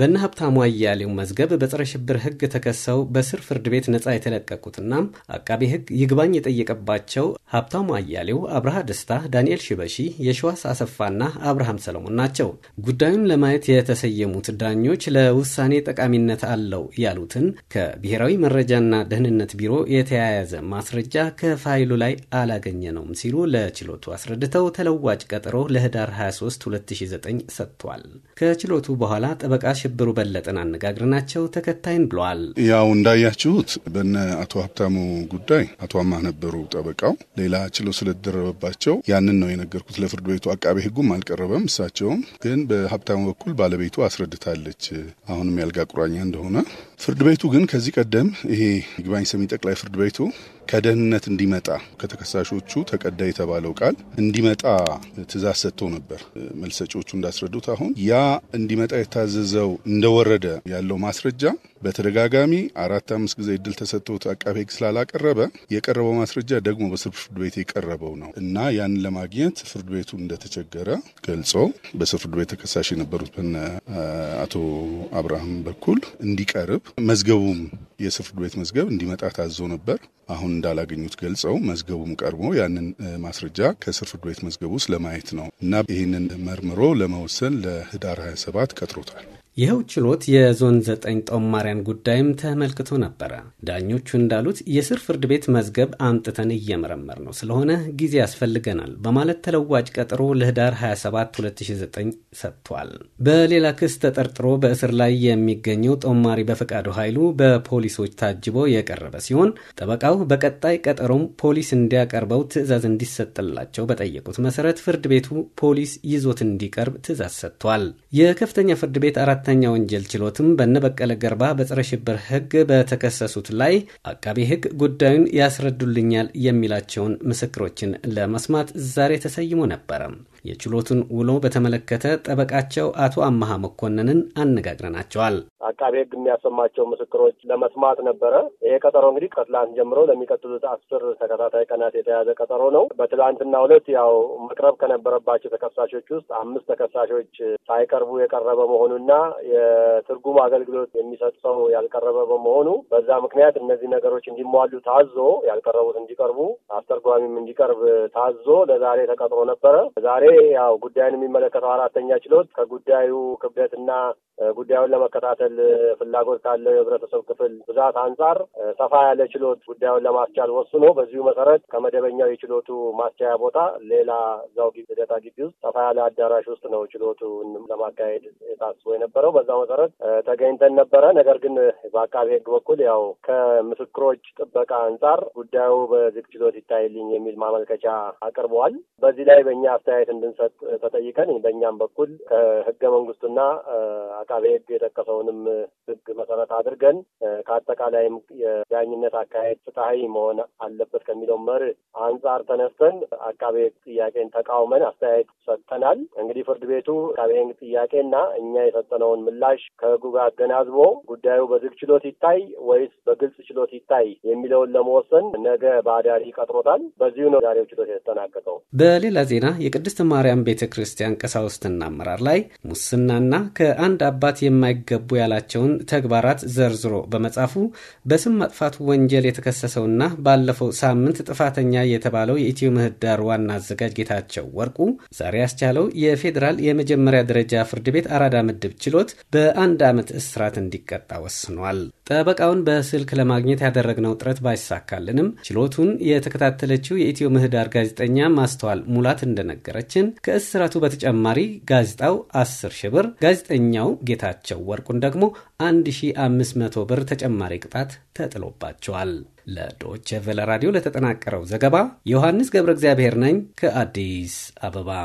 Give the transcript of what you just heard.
በነ ሀብታሙ አያሌው መዝገብ በጸረ ሽብር ህግ ተከሰው በስር ፍርድ ቤት ነጻ የተለቀቁትና አቃቤ ህግ ይግባኝ የጠየቀባቸው ሀብታሙ አያሌው፣ አብርሃ ደስታ፣ ዳንኤል ሽበሺ፣ የሸዋስ አሰፋና አብርሃም ሰለሞን ናቸው። ጉዳዩን ለማየት የተሰየሙት ዳኞች ለውሳኔ ጠቃሚነት አለው ያሉትን ከብሔራዊ መረጃና ደህንነት ቢሮ የተያያዘ ማስረጃ ከፋይሉ ላይ ነውም ሲሉ ለችሎቱ አስረድተው ተለዋጭ ቀጠሮ ለህዳር 23 2009 ሰጥቷል። ከችሎቱ በኋላ ጠበቃ ሽብሩ በለጠን አነጋግርናቸው ተከታይን ብለዋል። ያው እንዳያችሁት በነ አቶ ሀብታሙ ጉዳይ አቶ አማ ነበሩ ጠበቃው። ሌላ ችሎ ስለደረበባቸው ያንን ነው የነገርኩት ለፍርድ ቤቱ። አቃቤ ህጉም አልቀረበም። እሳቸውም ግን በሀብታሙ በኩል ባለቤቱ አስረድታለች አሁንም ያልጋ ቁራኛ እንደሆነ ፍርድ ቤቱ ግን ከዚህ ቀደም ይሄ ይግባኝ ሰሚ ጠቅላይ ፍርድ ቤቱ ከደህንነት እንዲመጣ ከተከሳሾቹ ተቀዳ የተባለው ቃል እንዲመጣ ትእዛዝ ሰጥቶ ነበር። መልሰጮቹ እንዳስረዱት አሁን ያ እንዲመጣ የታዘዘው እንደወረደ ያለው ማስረጃ በተደጋጋሚ አራት አምስት ጊዜ እድል ተሰጥቶት አቃቤ ሕግ ስላላቀረበ የቀረበው ማስረጃ ደግሞ በስር ፍርድ ቤት የቀረበው ነው እና ያንን ለማግኘት ፍርድ ቤቱ እንደተቸገረ ገልጾ በስር ፍርድ ቤት ተከሳሽ የነበሩት በነ አቶ አብርሃም በኩል እንዲቀርብ መዝገቡም የስር ፍርድ ቤት መዝገብ እንዲመጣ ታዞ ነበር። አሁን እንዳላገኙት ገልጸው መዝገቡም ቀርቦ ያንን ማስረጃ ከስር ፍርድ ቤት መዝገብ ውስጥ ለማየት ነው እና ይህንን መርምሮ ለመወሰን ለህዳር 27 ቀጥሮታል። ይኸው ችሎት የዞን ዘጠኝ ጦማሪያን ጉዳይም ተመልክቶ ነበረ። ዳኞቹ እንዳሉት የስር ፍርድ ቤት መዝገብ አምጥተን እየመረመር ነው ስለሆነ ጊዜ ያስፈልገናል በማለት ተለዋጭ ቀጠሮ ለህዳር 27 2009 ሰጥቷል። በሌላ ክስ ተጠርጥሮ በእስር ላይ የሚገኘው ጦማሪ በፈቃዱ ኃይሉ በፖሊሶች ታጅቦ የቀረበ ሲሆን ጠበቃው በቀጣይ ቀጠሮም ፖሊስ እንዲያቀርበው ትዕዛዝ እንዲሰጥላቸው በጠየቁት መሰረት ፍርድ ቤቱ ፖሊስ ይዞት እንዲቀርብ ትዕዛዝ ሰጥቷል። የከፍተኛ ፍርድ ቤት አራት አራተኛ ወንጀል ችሎትም በነበቀለ ገርባ በጸረ ሽብር ህግ በተከሰሱት ላይ አቃቢ ህግ ጉዳዩን ያስረዱልኛል የሚላቸውን ምስክሮችን ለመስማት ዛሬ ተሰይሞ ነበረ። የችሎቱን ውሎ በተመለከተ ጠበቃቸው አቶ አመሃ መኮንንን አነጋግረናቸዋል። አቃቤ ሕግ የሚያሰማቸው ምስክሮች ለመስማት ነበረ። ይሄ ቀጠሮ እንግዲህ ከትላንት ጀምሮ ለሚቀጥሉት አስር ተከታታይ ቀናት የተያዘ ቀጠሮ ነው። በትላንትና ሁለት ያው መቅረብ ከነበረባቸው ተከሳሾች ውስጥ አምስት ተከሳሾች ሳይቀርቡ የቀረበ መሆኑና የትርጉም አገልግሎት የሚሰጥ ሰው ያልቀረበ በመሆኑ በዛ ምክንያት እነዚህ ነገሮች እንዲሟሉ ታዞ ያልቀረቡት እንዲቀርቡ አስተርጓሚም እንዲቀርብ ታዞ ለዛሬ ተቀጥሮ ነበረ። ዛሬ ያው ጉዳዩን የሚመለከተው አራተኛ ችሎት ከጉዳዩ ክብደትና ጉዳዩን ለመከታተል ፍላጎት ካለው የህብረተሰብ ክፍል ብዛት አንጻር ሰፋ ያለ ችሎት ጉዳዩን ለማስቻል ወስኖ በዚሁ መሰረት ከመደበኛው የችሎቱ ማስቻያ ቦታ ሌላ እዛው ልደታ ግቢ ውስጥ ሰፋ ያለ አዳራሽ ውስጥ ነው ችሎቱ ለማካሄድ የታስቦ የነበረው። በዛ መሰረት ተገኝተን ነበረ። ነገር ግን በአቃቤ ህግ በኩል ያው ከምስክሮች ጥበቃ አንጻር ጉዳዩ በዝግ ችሎት ይታይልኝ የሚል ማመልከቻ አቅርበዋል። በዚህ ላይ በእኛ አስተያየት እንድንሰጥ ተጠይቀን በእኛም በኩል ከህገ መንግስቱና አቃቤ ሕግ የጠቀሰውንም ሕግ መሰረት አድርገን ከአጠቃላይም የዳኝነት አካሄድ ፍትሐዊ መሆን አለበት ከሚለው መርህ አንጻር ተነስተን አቃቤ ሕግ ጥያቄን ተቃውመን አስተያየት ሰጥተናል። እንግዲህ ፍርድ ቤቱ አቃቤ ሕግ ጥያቄና እኛ የሰጠነውን ምላሽ ከሕጉ ጋር አገናዝቦ ጉዳዩ በዝግ ችሎት ይታይ ወይስ በግልጽ ችሎት ይታይ የሚለውን ለመወሰን ነገ በአዳሪ ቀጥሮታል። በዚሁ ነው ዛሬው ችሎት የተጠናቀቀው። በሌላ ዜና የቅድስት ማርያም ቤተ ክርስቲያን ቀሳውስትና አመራር ላይ ሙስናና ከአንድ አባት የማይገቡ ያላቸውን ተግባራት ዘርዝሮ በመጻፉ በስም ማጥፋት ወንጀል የተከሰሰውና ባለፈው ሳምንት ጥፋተኛ የተባለው የኢትዮ ምህዳር ዋና አዘጋጅ ጌታቸው ወርቁ ዛሬ ያስቻለው የፌዴራል የመጀመሪያ ደረጃ ፍርድ ቤት አራዳ ምድብ ችሎት በአንድ ዓመት እስራት እንዲቀጣ ወስኗል። ጠበቃውን በስልክ ለማግኘት ያደረግነው ጥረት ባይሳካልንም ችሎቱን የተከታተለችው የኢትዮ ምህዳር ጋዜጠኛ ማስተዋል ሙላት እንደነገረችን ከእስራቱ በተጨማሪ ጋዜጣው 10 ሺ ብር፣ ጋዜጠኛው ጌታቸው ወርቁን ደግሞ 1500 ብር ተጨማሪ ቅጣት ተጥሎባቸዋል። ለዶች ቬለ ራዲዮ ለተጠናቀረው ዘገባ ዮሐንስ ገብረ እግዚአብሔር ነኝ ከአዲስ አበባ